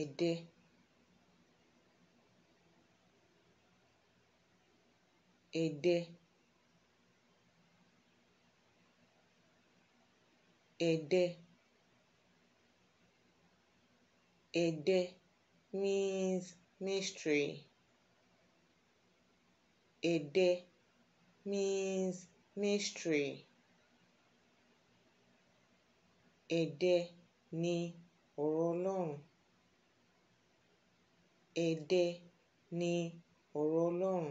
Ẹdẹ ẹdẹ ẹdẹ ẹdẹ means mystery ẹdẹ means mystery ẹdẹ ni ọ̀rọ̀ Ọlọ́run Ẹdẹ ni ọ̀rọ̀ Ọlọ́run